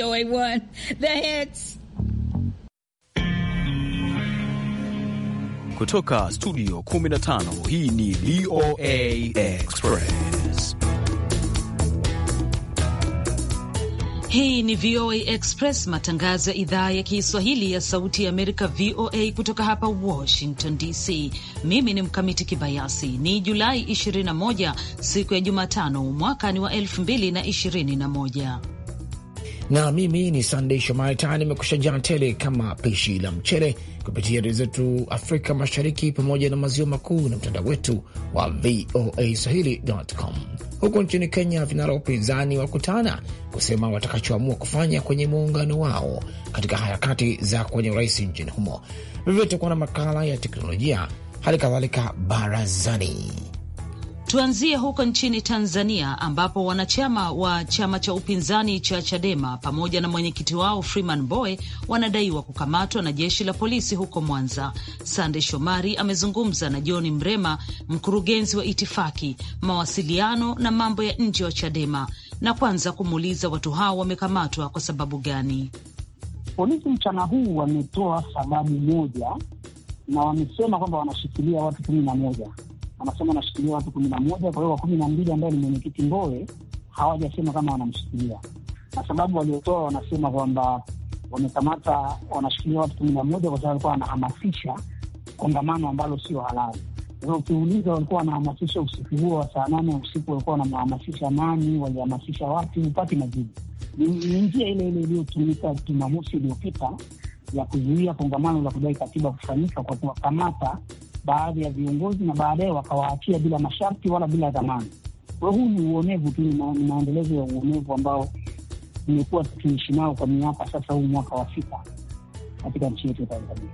voa One, the hits. Kutoka studio 15 hii ni VOA Express. Hii ni VOA Express, matangazo ya idhaa ya Kiswahili ya Sauti ya Amerika, VOA, kutoka hapa Washington DC. Mimi ni Mkamiti Kibayasi. Ni Julai 21, siku ya Jumatano, mwaka ni wa 2021 na mimi ni Sandey Shomari Tayari nimekusha jaa tele kama pishi la mchele kupitia redio zetu Afrika Mashariki pamoja na maziwa makuu na mtandao wetu wa VOA Swahili.com. Huko nchini Kenya, vinara upinzani wakutana kusema watakachoamua kufanya kwenye muungano wao katika harakati za kwenye urais nchini humo. Vivyo tutakuwa na makala ya teknolojia, hali kadhalika barazani Tuanzie huko nchini Tanzania ambapo wanachama wa chama cha upinzani cha Chadema pamoja na mwenyekiti wao Freeman Boy wanadaiwa kukamatwa na jeshi la polisi huko Mwanza. Sande Shomari amezungumza na John Mrema, mkurugenzi wa itifaki, mawasiliano na mambo ya nje wa Chadema, na kwanza kumuuliza watu hao wamekamatwa kwa sababu gani. Polisi mchana huu wametoa sababu moja na wamesema kwamba wanashikilia watu kumi na moja anasema anashikilia watu kumi na moja. Kwa hiyo wa kumi na mbili ambayo ni mwenyekiti Mbowe hawajasema kama wanamshikilia, na sababu waliotoa wanasema kwamba wamekamata, wanashikilia watu kumi na moja kwa sababu walikuwa wanahamasisha kongamano ambalo sio halali. Ukiuliza, walikuwa wanahamasisha usiku huo wa saa nane usiku, walikuwa wanamhamasisha nani? Walihamasisha wapi? Upati majibu. Ni njia ile ile iliyotumika Jumamosi iliyopita ya kuzuia kongamano la kudai katiba kufanyika kwa kuwakamata baadhi ya viongozi na baadaye wakawaachia bila masharti wala bila dhamana. Kwa huu ni uonevu tu, ni maendelezo ya uonevu ambao imekuwa tukiishi nao kwa miaka sasa, huu mwaka wa sita katika nchi yetu ya Tanzania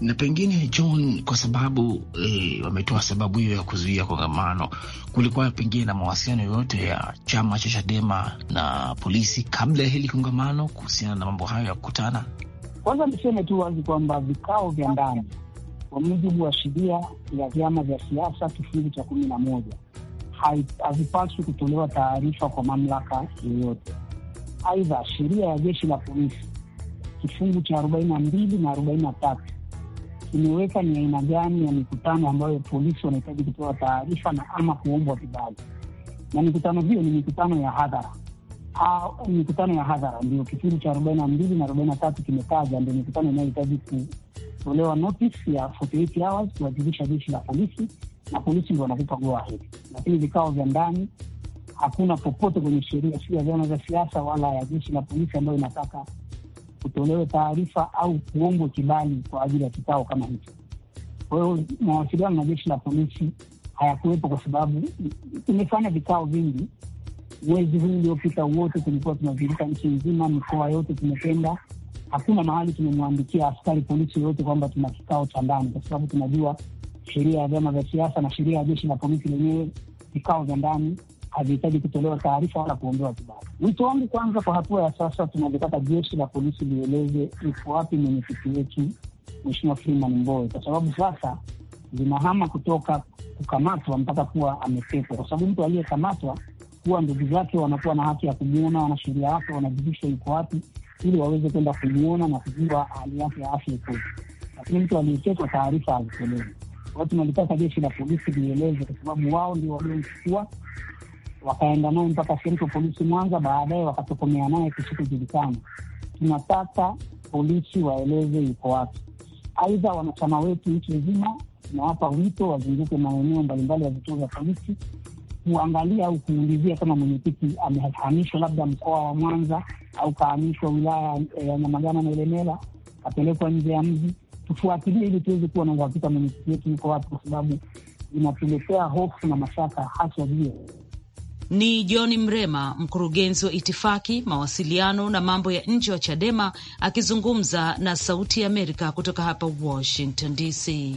na pengine John, kwa sababu e, wametoa sababu hiyo ya kuzuia kongamano, kulikuwa pengine na mawasiliano yoyote ya chama cha Chadema na polisi kabla ya hili kongamano kuhusiana na mambo hayo ya kukutana? Kwanza niseme tu wazi kwamba vikao vya ndani kwa mujibu wa sheria ya vyama vya siasa kifungu cha kumi na moja, havipaswi kutolewa taarifa kwa mamlaka yoyote. Aidha, sheria ya jeshi la polisi kifungu cha arobaini na mbili na arobaini na tatu imeweka ni aina gani ya mikutano ambayo polisi wanahitaji kutoa taarifa na ama kuombwa kibali, na mikutano hiyo ni mikutano ya hadhara. Mikutano ya hadhara ndio kifungu cha arobaini na mbili na arobaini na tatu kimetaja, ndio mikutano inayohitaji kutolewa notice ya 48 hours kuwajibisha jeshi la polisi, na polisi ndio wanakupa go ahead. Lakini vikao vya ndani hakuna popote kwenye sheria, si ya vyama vya siasa wala ya jeshi la polisi, ambayo inataka kutolewe taarifa au kuombwe kibali kwa ajili ya kikao kama hicho. Kwa hiyo mawasiliano na jeshi la polisi hayakuwepo kwa sababu tumefanya vikao vingi. Mwezi huu uliopita wote tulikuwa tunazunguka nchi nzima, mikoa yote tumependa hakuna mahali tumemwandikia askari polisi yoyote kwamba tuna kikao cha ndani, kwa sababu tunajua sheria ya vyama vya siasa na sheria ya jeshi la polisi lenyewe, vikao vya ndani havihitaji kutolewa taarifa wala kuondoa kibali. Wito wangu kwanza, kwa hatua ya sasa tunavyotaka jeshi la polisi lieleze iko wapi mwenyekiti wetu Mheshimiwa Freeman Mbowe, kwa sababu sasa zinahama kutoka kukamatwa mpaka kuwa ametekwa, kwa sababu mtu aliyekamatwa huwa ndugu zake wanakuwa na haki ya kumwona, wanasheria wake wanajibisha iko wapi ili waweze kwenda kuliona na kujua hali yake ya afya ikoje, lakini mtu aliyechekwa taarifa azitolewe. Kwa hiyo tunalitaka jeshi la polisi lieleze, kwa sababu wao ndio waliomchukua wakaenda naye mpaka shirika polisi Mwanza, baadaye wakatokomea naye kisichojulikana. Tunataka polisi waeleze yuko wapi. Aidha, wanachama wetu nchi nzima tunawapa wito wazunguke maeneo mbalimbali ya vituo vya polisi kuangalia au kuulizia kama mwenyekiti amehamishwa labda mkoa wa Mwanza au kahamishwa wilaya ya Nyamagana na Ilemela, kapelekwa nje ya mji. Tufuatilie ili tuweze kuwa na uhakika mwenyekiti wetu yuko wapi, kwa sababu inatuletea hofu na mashaka haswa hiyo. Ni John Mrema, mkurugenzi wa itifaki, mawasiliano na mambo ya nje wa CHADEMA akizungumza na Sauti ya Amerika kutoka hapa Washington DC.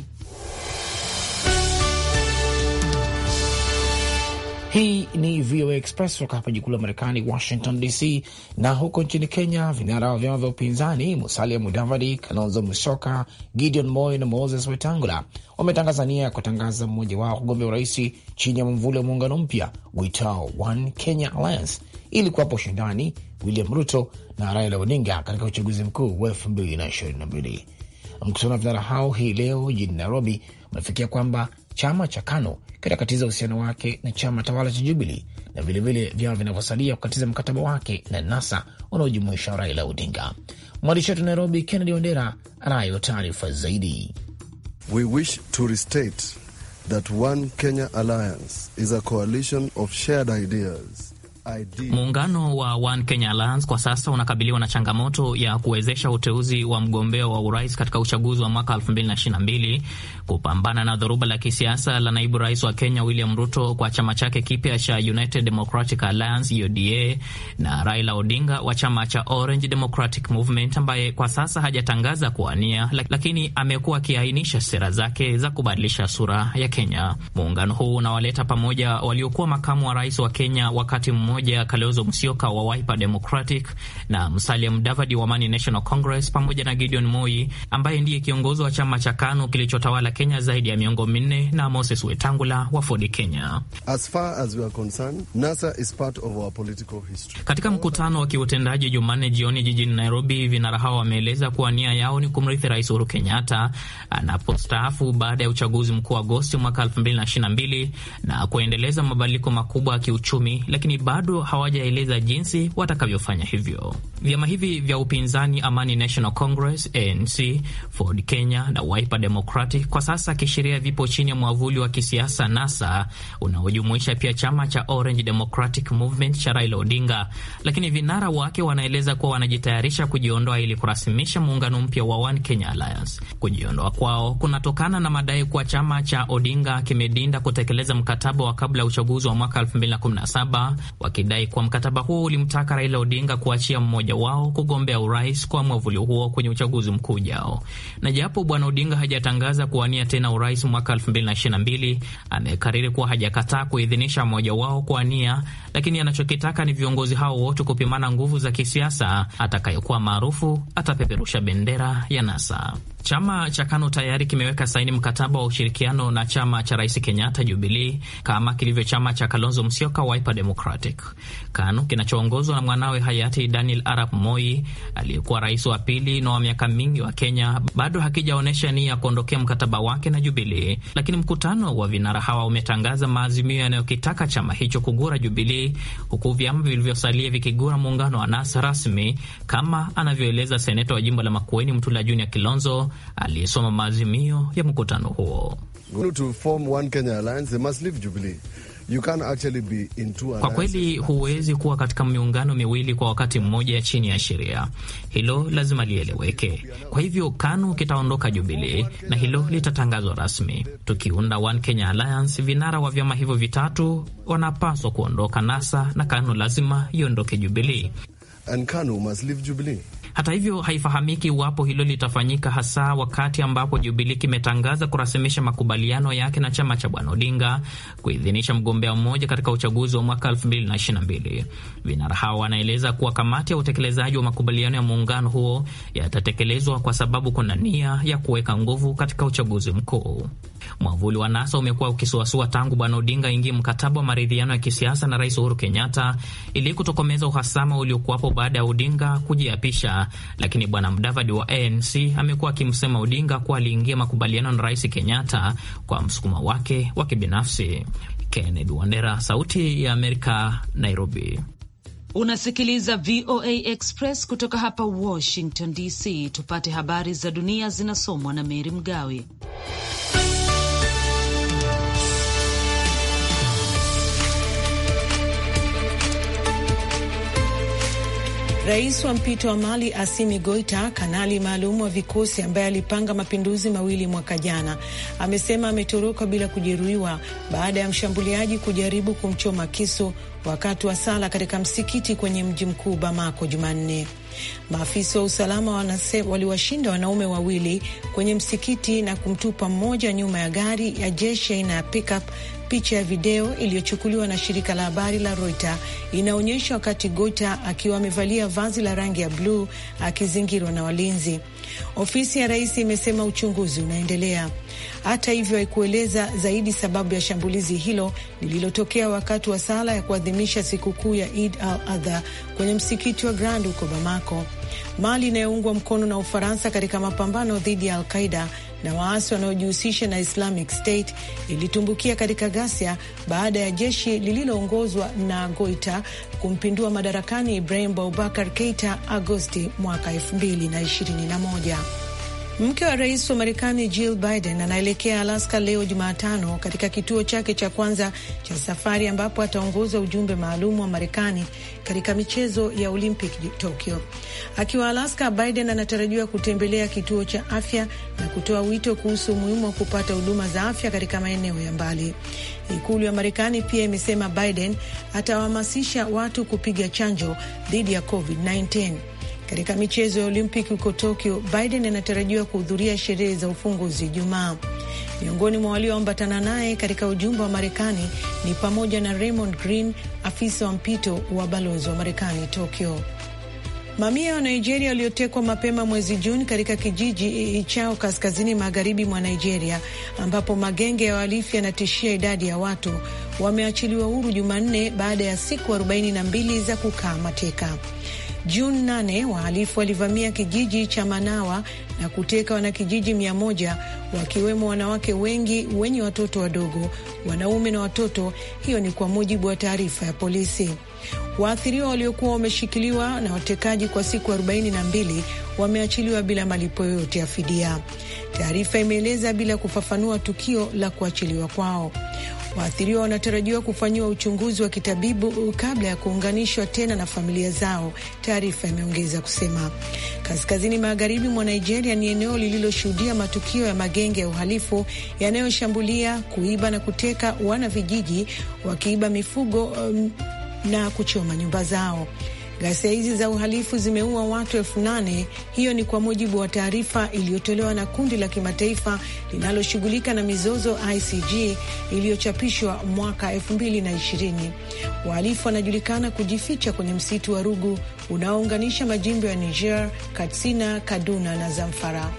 Hii ni VOA Express kutoka hapa jikuu la Marekani, Washington DC. Na huko nchini Kenya, vinara wa vyama vya upinzani Musalia Mudavadi, Kalonzo Musyoka, Gideon moy na Moses Wetangula wametangaza nia ya kutangaza mmoja wao kugombea urais chini ya mvuli wa muungano mpya uitao One Kenya Alliance ili kuwapa ushindani William Ruto na Raila Odinga katika uchaguzi mkuu wa mbili. Mkutano wa vinara hao hii leo jijini Nairobi umefikia kwamba chama cha KANU kitakatiza uhusiano wake na chama tawala cha Jubili na vilevile vyama vinavyosalia kukatiza mkataba wake na NASA unaojumuisha Raila Odinga. Mwandishi wetu Nairobi, Kennedy Wandera, anayo taarifa zaidi. We wish to restate that one Kenya alliance is a coalition of shared ideas Muungano wa One Kenya Alliance kwa sasa unakabiliwa na changamoto ya kuwezesha uteuzi wa mgombea wa urais katika uchaguzi wa mwaka 2022 kupambana na dhoruba la kisiasa la naibu rais wa Kenya William Ruto kwa chama chake kipya cha United Democratic Alliance UDA na Raila Odinga wa chama cha Orange Democratic Movement ambaye kwa sasa hajatangaza kuwania, lakini amekuwa akiainisha sera zake za kubadilisha sura ya Kenya. Muungano huu unawaleta pamoja waliokuwa makamu wa rais wa Kenya wakati mmoja Kalonzo Musyoka wa Wiper Democratic na Musalia Mudavadi wa Amani National Congress pamoja na Gideon Moi ambaye ndiye kiongozi wa chama cha KANU kilichotawala Kenya zaidi ya miongo minne na Moses Wetangula wa Ford Kenya. As far as we are concerned, NASA is part of our political history. Katika mkutano wa kiutendaji Jumanne jioni jijini Nairobi, vinara hao wameeleza kuwa nia yao ni kumrithi Rais Uhuru Kenyatta anapostaafu baada ya uchaguzi mkuu wa Agosti mwaka 2022 na kuendeleza mabadiliko makubwa ya kiuchumi, lakini bado hawajaeleza jinsi watakavyofanya hivyo. Vyama hivi vya upinzani Amani National Congress, ANC, Ford Kenya na Wiper Democratic kwa sasa kisheria vipo chini ya mwavuli wa kisiasa NASA unaojumuisha pia chama cha Orange Democratic Movement cha Raila Odinga, lakini vinara wake wanaeleza kuwa wanajitayarisha kujiondoa ili kurasimisha muungano mpya wa One Kenya Alliance. Kujiondoa kwao kunatokana na madai kuwa chama cha Odinga kimedinda kutekeleza mkataba wa kabla ya uchaguzi wa mwaka 2017 wakidai kuwa mkataba huo ulimtaka Raila Odinga kuachia mmoja wao kugombea urais kwa mwavuli huo kwenye uchaguzi mkuu ujao, na japo bwana Odinga hajatangaza kuwa kuwania tena urais mwaka 2022 amekariri kuwa hajakataa kuidhinisha mmoja wao kuwania, lakini anachokitaka ni viongozi hao wote kupimana nguvu za kisiasa. Atakayekuwa maarufu atapeperusha bendera ya NASA. Chama cha KANU tayari kimeweka saini mkataba wa ushirikiano na chama cha Rais Kenyatta, Jubilii, kama kilivyo chama cha Kalonzo Musyoka, Wiper Democratic. KANU kinachoongozwa na mwanawe hayati Daniel Arap Moi, aliyekuwa rais wa pili na wa miaka mingi wa Kenya, bado hakijaonyesha nia ya kuondokea mkataba wake na Jubilii, lakini mkutano wa vinara hawa umetangaza maazimio yanayokitaka chama hicho kugura Jubilii, huku vyama vilivyosalia vikigura muungano wa NASA rasmi, kama anavyoeleza seneta wa jimbo la Makueni, Mtula Junior Kilonzo aliyesoma maazimio ya mkutano huo. Kwa kweli, huwezi kuwa katika miungano miwili kwa wakati mmoja chini ya sheria. Hilo lazima lieleweke. Kwa hivyo KANU kitaondoka Jubilee na hilo litatangazwa rasmi. Tukiunda One Kenya Alliance, vinara wa vyama hivyo vitatu wanapaswa kuondoka NASA na KANU lazima iondoke Jubilee. Hata hivyo, haifahamiki iwapo hilo litafanyika, hasa wakati ambapo Jubilee kimetangaza kurasimisha makubaliano yake na chama cha Bwana Odinga kuidhinisha mgombea mmoja katika uchaguzi wa mwaka 2022. Vinara hao wanaeleza kuwa kamati ya utekelezaji wa makubaliano ya muungano huo yatatekelezwa kwa sababu kuna nia ya kuweka nguvu katika uchaguzi mkuu. Mwavuli wa NASA umekuwa ukisuasua tangu Bwana Odinga ingi mkataba wa maridhiano ya kisiasa na Rais Uhuru Kenyatta ili kutokomeza uhasama uliokuwapo baada ya Odinga kujiapisha lakini bwana mdavadi wa ANC amekuwa akimsema Odinga kuwa aliingia makubaliano na Rais Kenyatta kwa msukuma wake wa kibinafsi. Kennedy Wandera, Sauti ya Amerika, Nairobi. Unasikiliza VOA Express kutoka hapa Washington DC. Tupate habari za dunia zinasomwa na Meri Mgawe. Rais wa mpito wa Mali Asimi Goita, kanali maalum wa vikosi ambaye alipanga mapinduzi mawili mwaka jana, amesema ametoroka bila kujeruhiwa baada ya mshambuliaji kujaribu kumchoma kisu wakati wa sala katika msikiti kwenye mji mkuu Bamako Jumanne. Maafisa wa usalama waliwashinda wanaume wawili kwenye msikiti na kumtupa mmoja nyuma ya gari ya jeshi aina ya pickup Picha ya video iliyochukuliwa na shirika la habari la Reuters inaonyesha wakati Gota akiwa amevalia vazi la rangi ya bluu akizingirwa na walinzi. Ofisi ya rais imesema uchunguzi unaendelea. Hata hivyo, haikueleza zaidi sababu ya shambulizi hilo lililotokea wakati wa sala ya kuadhimisha sikukuu ya Eid al-Adha kwenye msikiti wa Grand huko Bamako. Mali inayoungwa mkono na Ufaransa katika mapambano dhidi ya Al-Qaida na waasi wanaojihusisha na Islamic State ilitumbukia katika ghasia baada ya jeshi lililoongozwa na Goita kumpindua madarakani Ibrahim Boubacar Keita Agosti mwaka 2021. Mke wa rais wa Marekani Jill Biden anaelekea Alaska leo Jumatano, katika kituo chake cha kwanza cha safari ambapo ataongoza ujumbe maalum wa Marekani katika michezo ya Olympic Tokyo. Akiwa Alaska, Biden anatarajiwa kutembelea kituo cha afya na kutoa wito kuhusu umuhimu wa kupata huduma za afya katika maeneo ya mbali. Ikulu ya Marekani pia imesema Biden atawahamasisha watu kupiga chanjo dhidi ya COVID-19. Katika michezo ya Olimpiki huko Tokyo, Biden anatarajiwa kuhudhuria sherehe za ufunguzi Ijumaa. Miongoni mwa walioambatana naye katika ujumbe wa Marekani ni pamoja na Raymond Green, afisa wa mpito wa balozi wa Marekani Tokyo. Mamia wa Nigeria waliotekwa mapema mwezi Juni katika kijiji chao kaskazini magharibi mwa Nigeria, ambapo magenge ya uhalifu yanatishia idadi ya watu, wameachiliwa huru Jumanne baada ya siku 42 za kukaa mateka. Juni nane wahalifu walivamia kijiji cha Manawa na kuteka wanakijiji mia moja wakiwemo wanawake wengi wenye watoto wadogo, wanaume na watoto. Hiyo ni kwa mujibu wa taarifa ya polisi. Waathiriwa waliokuwa wameshikiliwa na watekaji kwa siku 42 wameachiliwa bila malipo yoyote ya fidia. Taarifa imeeleza bila kufafanua tukio la kuachiliwa kwao. Waathiriwa wanatarajiwa kufanyiwa uchunguzi wa kitabibu kabla ya kuunganishwa tena na familia zao, taarifa imeongeza kusema. Kaskazini magharibi mwa Nigeria ni eneo lililoshuhudia matukio ya magenge ya uhalifu yanayoshambulia, kuiba na kuteka wana vijiji, wakiiba mifugo um, na kuchoma nyumba zao. Ghasia hizi za uhalifu zimeua watu elfu nane. Hiyo ni kwa mujibu wa taarifa iliyotolewa na kundi la kimataifa linaloshughulika na mizozo ICG iliyochapishwa mwaka 2020. Wahalifu wanajulikana kujificha kwenye msitu wa Rugu unaounganisha majimbo ya Niger, Katsina, Kaduna na Zamfara.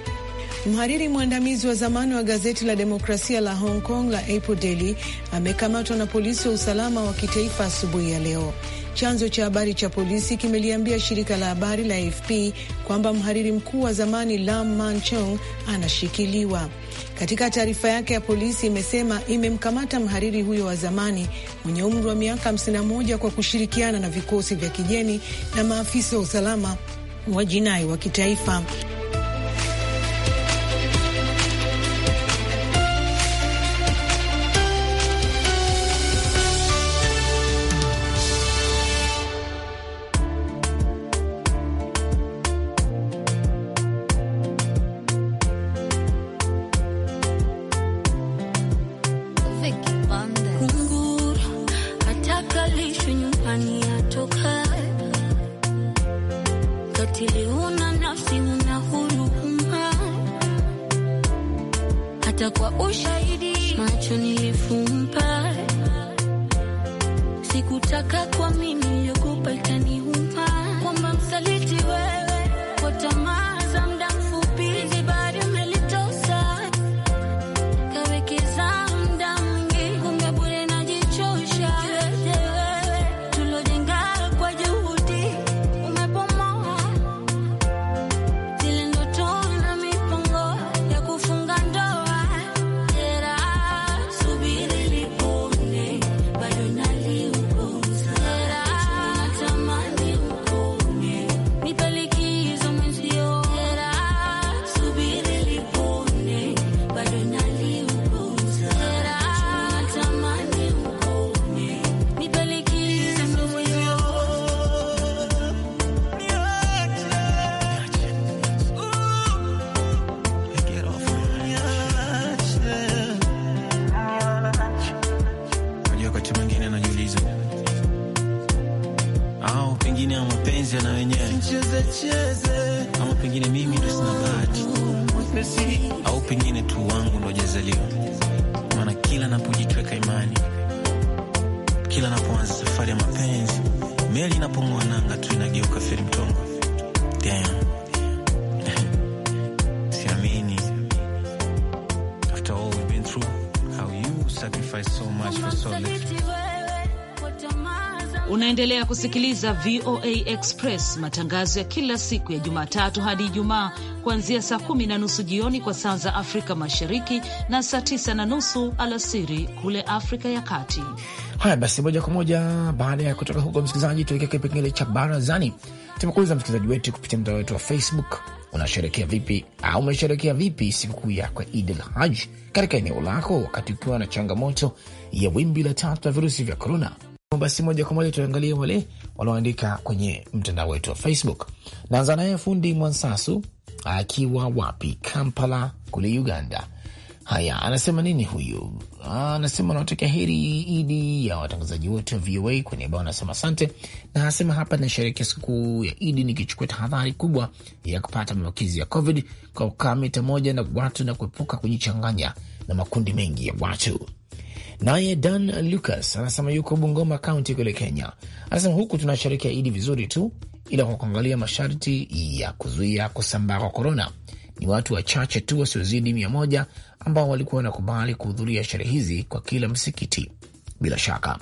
Mhariri mwandamizi wa zamani wa gazeti la demokrasia la Hong Kong la Apple Daily amekamatwa na polisi wa usalama wa kitaifa asubuhi ya leo. Chanzo cha habari cha polisi kimeliambia shirika la habari la AFP kwamba mhariri mkuu wa zamani Lam Manchong anashikiliwa. Katika taarifa yake ya polisi imesema imemkamata mhariri huyo wa zamani mwenye umri wa miaka 51 kwa kushirikiana na vikosi vya kigeni na maafisa wa usalama wa jinai wa kitaifa. rafiki nyumbani nafsi, hata kwa ushahidi macho nilifumba, sikutaka kwa mimi yogopa itani kusikiliza VOA Express, matangazo ya kila siku ya Jumatatu hadi Ijumaa kuanzia saa kumi na nusu jioni kwa saa za Afrika Mashariki na saa tisa na nusu alasiri kule Afrika ya Kati. Haya basi, moja kwa moja baada ya kutoka huko msikilizaji, tuelekea kipengele cha barazani. Tumekuuliza msikilizaji wetu kupitia mtandao wetu wa Facebook, unasherekea vipi au umesherekea vipi sikukuu yako ya Idul Haj katika eneo lako, wakati ukiwa na changamoto ya wimbi la tatu la virusi vya korona basi moja kwa moja tuangalie wale walioandika kwenye mtandao wetu wa Facebook. Naanza naye fundi Mwansasu akiwa wapi? Kampala kule Uganda. Haya, anasema nini huyu? Ah, anasema anawatakia heri Idi ya watangazaji wote wa VOA. Kwa niaba anasema asante, na anasema hapa nasherehekea sikukuu ya Idi nikichukua tahadhari kubwa ya kupata maambukizi ya COVID kwa kukaa mita moja na watu na kuepuka kujichanganya na makundi mengi ya watu. Naye Dan Lucas anasema yuko Bungoma Kaunti kule Kenya, anasema huku tunasherekea Idi vizuri tu, ila kwa kuangalia masharti ya kuzuia kusambaa kwa korona, ni watu wachache tu wasiozidi mia moja ambao walikuwa wanakubali kuhudhuria sherehe hizi kwa kila msikiti. Bila shaka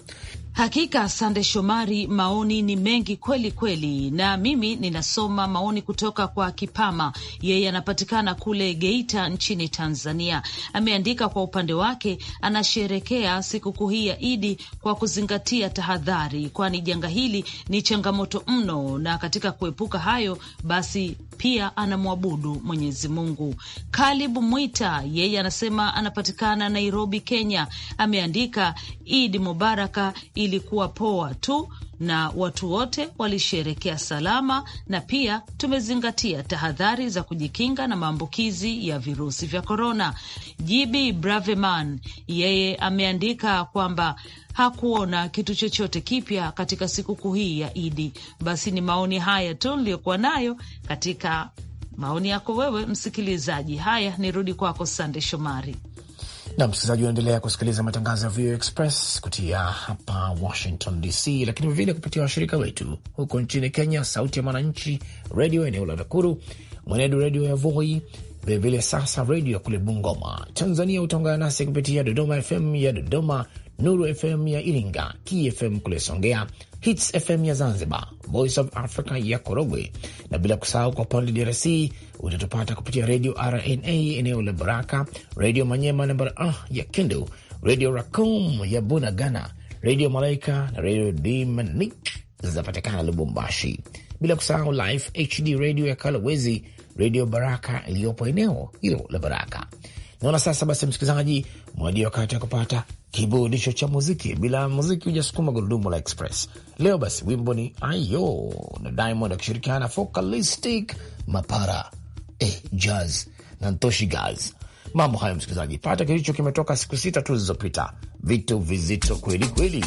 Hakika Sande Shomari, maoni ni mengi kweli kweli, na mimi ninasoma maoni kutoka kwa Kipama, yeye anapatikana kule Geita nchini Tanzania. Ameandika kwa upande wake, anasherekea sikukuu hii ya Idi kwa kuzingatia tahadhari, kwani janga hili ni changamoto mno, na katika kuepuka hayo basi pia anamwabudu Mwenyezi Mungu. Kalibu Mwita yeye anasema anapatikana Nairobi, Kenya. Ameandika Idi mubaraka ilikuwa poa tu na watu wote walisherekea salama, na pia tumezingatia tahadhari za kujikinga na maambukizi ya virusi vya korona. JB Braveman yeye ameandika kwamba hakuona kitu chochote kipya katika sikukuu hii ya Idi. Basi ni maoni haya tu niliyokuwa nayo katika maoni yako wewe msikilizaji. Haya, nirudi kwako Sande Shomari na msikilizaji, unaendelea kusikiliza matangazo ya VOA Express kutia hapa Washington DC, lakini vilevile kupitia washirika wetu huko nchini Kenya, Sauti ya Mwananchi redio eneo la Nakuru, Mwenedu redio ya Voi, vilevile sasa redio ya kule Bungoma. Tanzania utaungana nasi kupitia Dodoma FM ya Dodoma, Nuru FM ya Iringa, KFM kule Songea, Hits FM ya Zanzibar, Voice of Africa ya Korogwe, na bila kusahau kwa upande DRC utatupata kupitia redio RNA eneo la Baraka, redio Manyema namba ah ya Kindu, radio Racom ya Bunagana, redio Malaika na redio dimanik zinapatikana Lubumbashi, bila kusahau Live HD radio ya Kalowezi, redio Baraka iliyopo eneo hilo la Baraka. Naona sasa basi, msikilizaji, mwadia wakati ya kupata kiburudisho cha muziki. Bila muziki hujasukuma gurudumu la Express. Leo basi wimbo ni ayo na Diamond akishirikiana na Focalistic Mapara eh, Jazz na Ntoshi Gaz. Mambo hayo msikilizaji, pata kilicho kimetoka siku sita tu zilizopita, vitu vizito kweli kweli.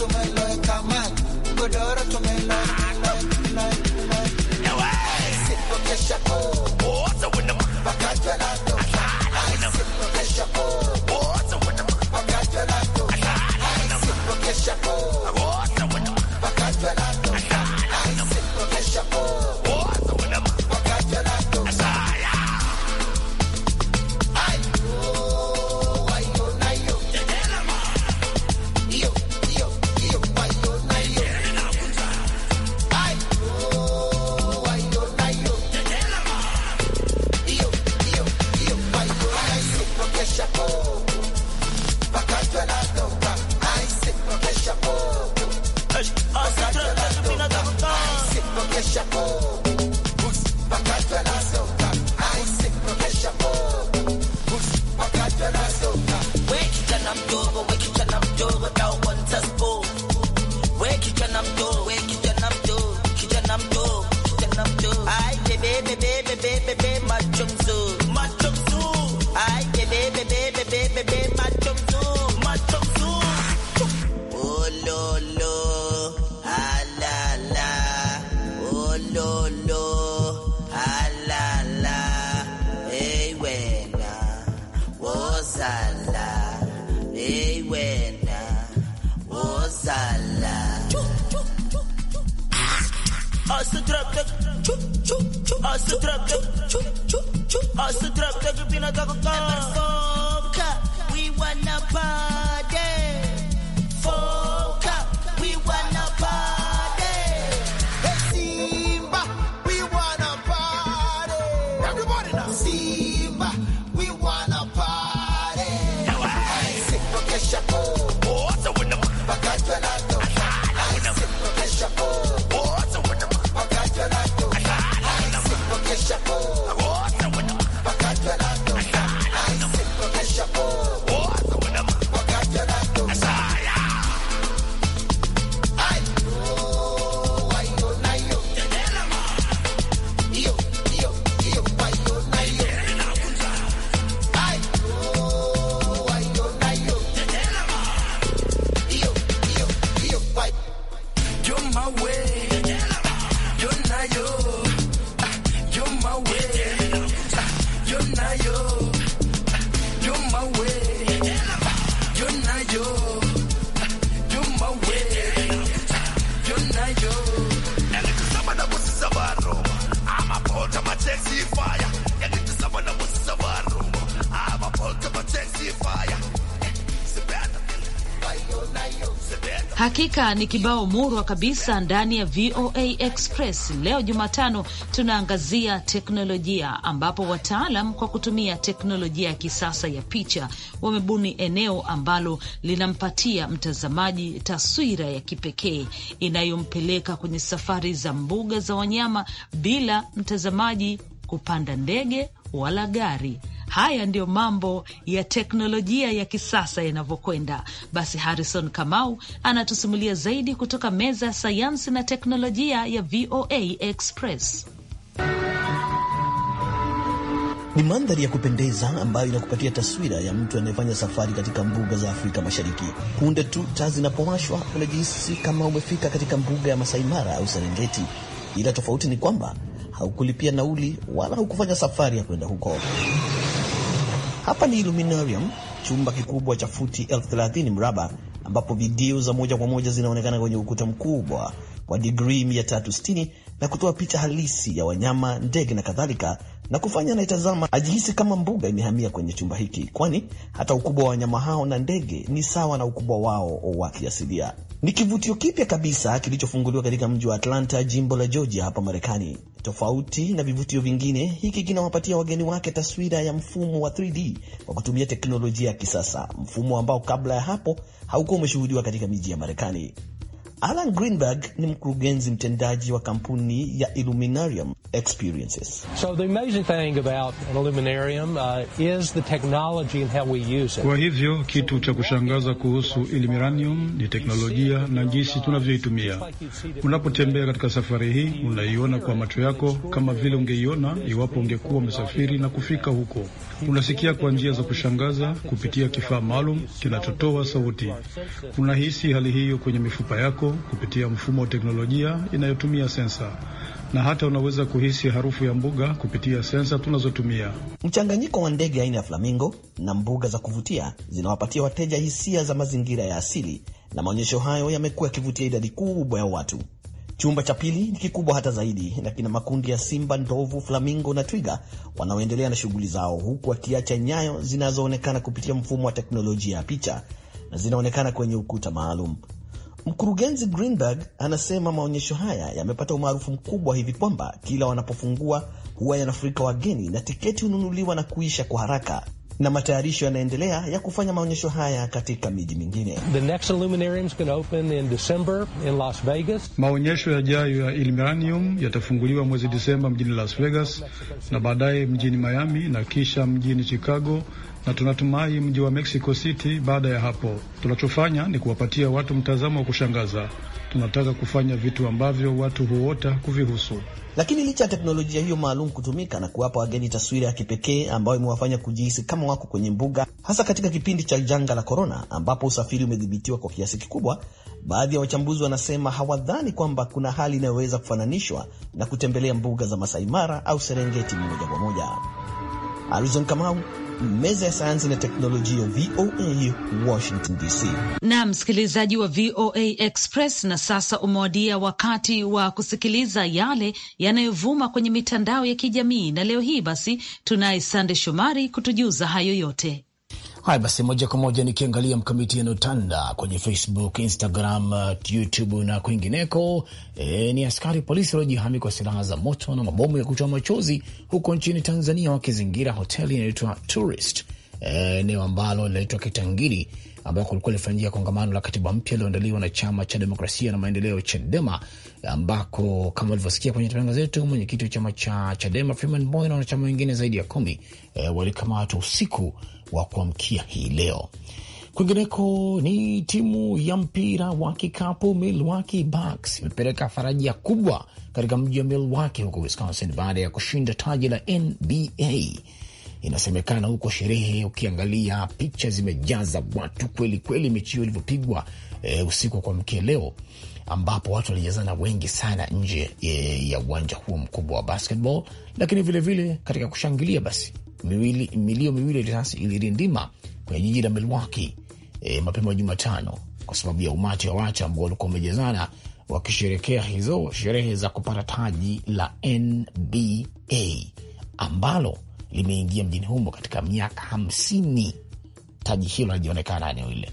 قدرة من لا يتعمل قدرة من لا يتعمل pra cima. Hakika ni kibao murwa kabisa ndani ya VOA Express. Leo Jumatano tunaangazia teknolojia, ambapo wataalam kwa kutumia teknolojia ya kisasa ya picha wamebuni eneo ambalo linampatia mtazamaji taswira ya kipekee inayompeleka kwenye safari za mbuga za wanyama bila mtazamaji kupanda ndege wala gari. Haya ndiyo mambo ya teknolojia ya kisasa yanavyokwenda. Basi Harrison Kamau anatusimulia zaidi kutoka meza ya sayansi na teknolojia ya VOA Express. Ni mandhari ya kupendeza ambayo inakupatia taswira ya mtu anayefanya safari katika mbuga za Afrika Mashariki. Punde tu taa zinapowashwa, unajihisi kama umefika katika mbuga ya Masai Mara au Serengeti, ila tofauti ni kwamba haukulipia nauli wala haukufanya safari ya kwenda huko. Hapa ni Illuminarium, chumba kikubwa cha futi elfu thelathini mraba ambapo video za moja kwa moja zinaonekana kwenye ukuta mkubwa wa digrii 360 na kutoa picha halisi ya wanyama, ndege na kadhalika, na kufanya anaitazama ajihisi kama mbuga imehamia kwenye chumba hiki, kwani hata ukubwa wa wanyama hao na ndege ni sawa na ukubwa wao wa kiasilia. Ni kivutio kipya kabisa kilichofunguliwa katika mji wa Atlanta, jimbo la Georgia, hapa Marekani. Tofauti na vivutio vingine, hiki kinawapatia wageni wake taswira ya mfumo wa 3D kwa kutumia teknolojia ya kisasa, mfumo ambao kabla ya hapo haukuwa umeshuhudiwa katika miji ya Marekani. Alan Greenberg ni mkurugenzi mtendaji wa kampuni ya Illuminarium Experiences. So the amazing thing about an Illuminarium uh, is the technology and how we use it. Kwa hivyo kitu cha kushangaza kuhusu Illuminarium ni teknolojia na jinsi tunavyoitumia. Unapotembea katika safari hii unaiona kwa macho yako kama vile ungeiona iwapo ungekuwa umesafiri na kufika huko. Unasikia kwa njia za kushangaza kupitia kifaa maalum kinachotoa sauti. Unahisi hali hiyo kwenye mifupa yako kupitia mfumo wa teknolojia inayotumia sensa na hata unaweza kuhisi harufu ya mbuga kupitia sensa tunazotumia. Mchanganyiko wa ndege aina ya flamingo na mbuga za kuvutia zinawapatia wateja hisia za mazingira ya asili, na maonyesho hayo yamekuwa yakivutia idadi kubwa ya watu. Chumba cha pili ni kikubwa hata zaidi na kina makundi ya simba, ndovu, flamingo na twiga wanaoendelea na shughuli zao, huku wakiacha nyayo zinazoonekana kupitia mfumo wa teknolojia ya picha na zinaonekana kwenye ukuta maalum. Mkurugenzi Greenberg anasema maonyesho haya yamepata umaarufu mkubwa hivi kwamba kila wanapofungua huwa yanafurika wageni na tiketi hununuliwa na kuisha kwa haraka na matayarisho yanaendelea ya kufanya maonyesho haya katika miji mingine. Maonyesho yajayo ya Illuminarium yatafunguliwa mwezi Disemba mjini Las Vegas na baadaye mjini Miami na kisha mjini Chicago na tunatumai mji wa Mexico City baada ya hapo. Tunachofanya ni kuwapatia watu mtazamo wa kushangaza. Tunataka kufanya vitu ambavyo watu huota kuvihusu. Lakini licha ya teknolojia hiyo maalum kutumika na kuwapa wageni taswira ya kipekee ambayo imewafanya kujihisi kama wako kwenye mbuga, hasa katika kipindi cha janga la korona, ambapo usafiri umedhibitiwa kwa kiasi kikubwa, baadhi ya wachambuzi wanasema hawadhani kwamba kuna hali inayoweza kufananishwa na kutembelea mbuga za Masai Mara au Serengeti moja kwa moja. Arizon Kamau, Meza ya sayansi na teknolojia, VOA Washington DC. Na msikilizaji wa VOA Express, na sasa umewadia wakati wa kusikiliza yale yanayovuma kwenye mitandao ya kijamii, na leo hii basi tunaye Sande Shomari kutujuza hayo yote. Haya basi, moja kwa moja nikiangalia mkamiti yanayotanda kwenye Facebook, Instagram, uh, YouTube na kwingineko, e, ni askari polisi waliojihami kwa silaha za moto na mabomu ya kutoa machozi huko nchini Tanzania, wakizingira hoteli inayoitwa Tourist, e, eneo ambalo linaitwa Kitangiri, ambayo kulikuwa lifanyia kongamano la katiba mpya lilioandaliwa na chama cha demokrasia na maendeleo CHADEMA, ambako kama ulivyosikia kwenye matangazo zetu, mwenyekiti wa chama cha CHADEMA Freeman Mbowe na wanachama wengine zaidi ya kumi e, walikamatwa usiku wa kuamkia hii leo. Kwingineko ni timu ya mpira wa kikapu Milwaukee Bucks imepeleka faraja kubwa katika mji wa Milwaukee huko Wisconsin baada ya kushinda taji la NBA. Inasemekana huko sherehe, ukiangalia picha zimejaza watu kweli kweli, mechi hiyo ilivyopigwa e, usiku wa kuamkia leo, ambapo watu walijazana wengi sana nje e, ya uwanja huo mkubwa wa basketball, lakini vilevile vile, katika kushangilia basi milio miwili ya risasi ilirindima kwenye jiji la Milwaukee e, mapema Jumatano kwa sababu ya umati wa watu ambao walikuwa wamejazana wakisherekea hizo sherehe za kupata taji la NBA ambalo limeingia mjini humo katika miaka hamsini. Taji hilo linajionekana eneo hile,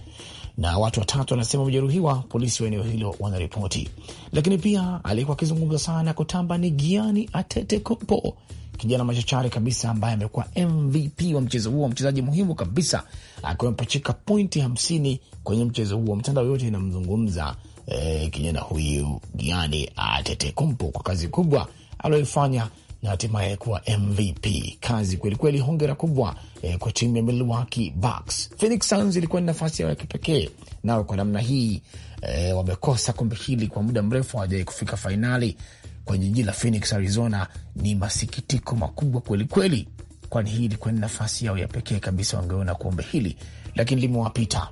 na watu watatu wanasema wamejeruhiwa, polisi wa eneo hilo wanaripoti. Lakini pia aliyekuwa akizungumza sana kutamba ni atete kopo kijana machachari kabisa ambaye amekuwa MVP wa mchezo huo, mchezaji muhimu kabisa, akiwa amepachika pointi hamsini kwenye mchezo huo. Mtandao yote inamzungumza eh, kijana huyu yani Atetekumpo kwa kazi kubwa aliyoifanya na hatimaye kuwa MVP. Kazi kwelikweli, hongera kubwa eh, kwa timu ya Milwaukee Bucks. Phoenix Suns ilikuwa ni nafasi yao ya kipekee, nao kwa namna hii eh, wamekosa kombe hili kwa muda mrefu, hawajawai kufika fainali kwa jiji la Phoenix, Arizona ni masikitiko makubwa kwelikweli, kwani hii ilikuwa ni nafasi yao ya pekee kabisa, wangeona kuombe hili lakini limewapita.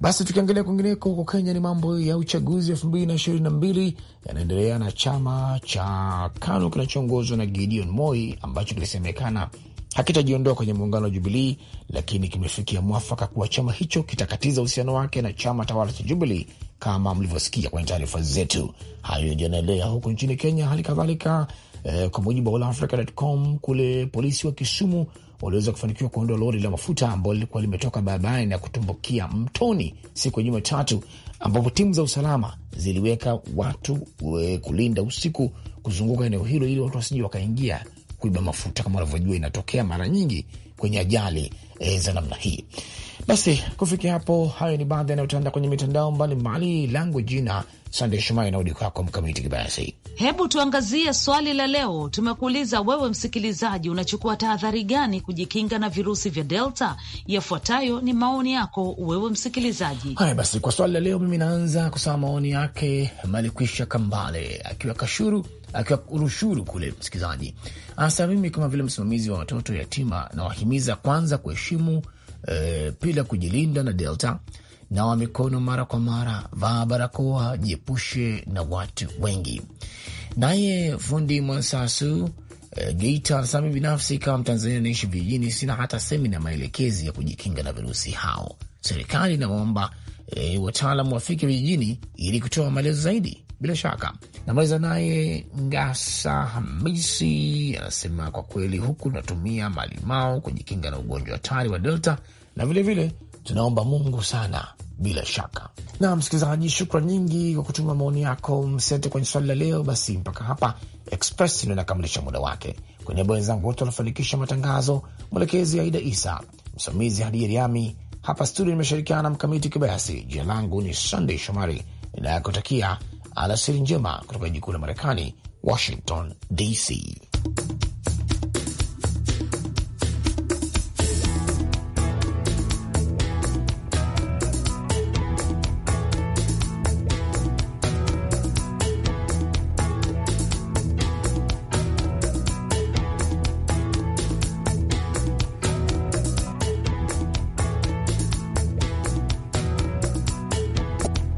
Basi tukiangalia kwingineko huko Kenya, ni mambo ya uchaguzi elfu mbili na ishirini na mbili yanaendelea na chama cha KANU kinachoongozwa na Gideon Moi ambacho kilisemekana hakitajiondoa kwenye muungano wa Jubilii, lakini kimefikia mwafaka kuwa chama hicho kitakatiza uhusiano wake na chama tawala cha Jubilii kama mlivyosikia kwenye taarifa zetu. Hayo yanaendelea huko nchini Kenya, hali kadhalika eh, kwa mujibu wa allafrica.com kule polisi wa Kisumu waliweza kufanikiwa kuondoa lori la mafuta ambalo lilikuwa limetoka barabarani na kutumbukia mtoni siku ya Jumatatu, ambapo timu za usalama ziliweka watu we, eh, kulinda usiku kuzunguka eneo hilo ili watu wasije wakaingia kuiba mafuta, kama unavyojua inatokea mara nyingi kwenye ajali e, za namna hii. Basi kufikia hapo, hayo ni baadhi yanayotanda kwenye mitandao mbalimbali. Langu jina Sandey Shumai, narudi kwako Mkamiti Kibayasi. Hebu tuangazie swali la leo. Tumekuuliza wewe msikilizaji, unachukua tahadhari gani kujikinga na virusi vya Delta? Yafuatayo ni maoni yako wewe msikilizaji. Haya basi, kwa swali la leo mimi naanza kusoma maoni yake Malikwisha Kambale akiwa Kashuru akiwa Urushuru kule, msikilizaji anasema mimi kama vile msimamizi wa watoto yatima nawahimiza kwanza kuheshimu e, pila kujilinda na Delta, nawa mikono mara kwa mara, vaa barakoa, jiepushe na watu wengi. Naye fundi Mwansasu e, Geita anasema mimi binafsi kama Mtanzania naishi vijijini, sina hata semina maelekezi ya kujikinga na virusi hao. Serikali inawaomba e, wataalamu wafike vijijini ili kutoa maelezo zaidi. Bila shaka namaliza naye Ngasa Hamisi anasema kwa kweli, huku tunatumia malimao kujikinga na ugonjwa hatari wa Delta na vilevile vile, tunaomba Mungu sana. Bila shaka na msikilizaji, shukran nyingi kwa kutuma maoni yako msete kwenye swali la leo. Basi mpaka hapa Express ndio inakamilisha muda wake. Kwa niaba wenzangu wote wanafanikisha matangazo, mwelekezi Aida Isa, msimamizi Hadi Riami, hapa studio nimeshirikiana na Mkamiti Kibayasi. Jina langu ni Sandey Shomari inayakutakia Alasiri njema kutoka jikuu la Marekani, Washington DC.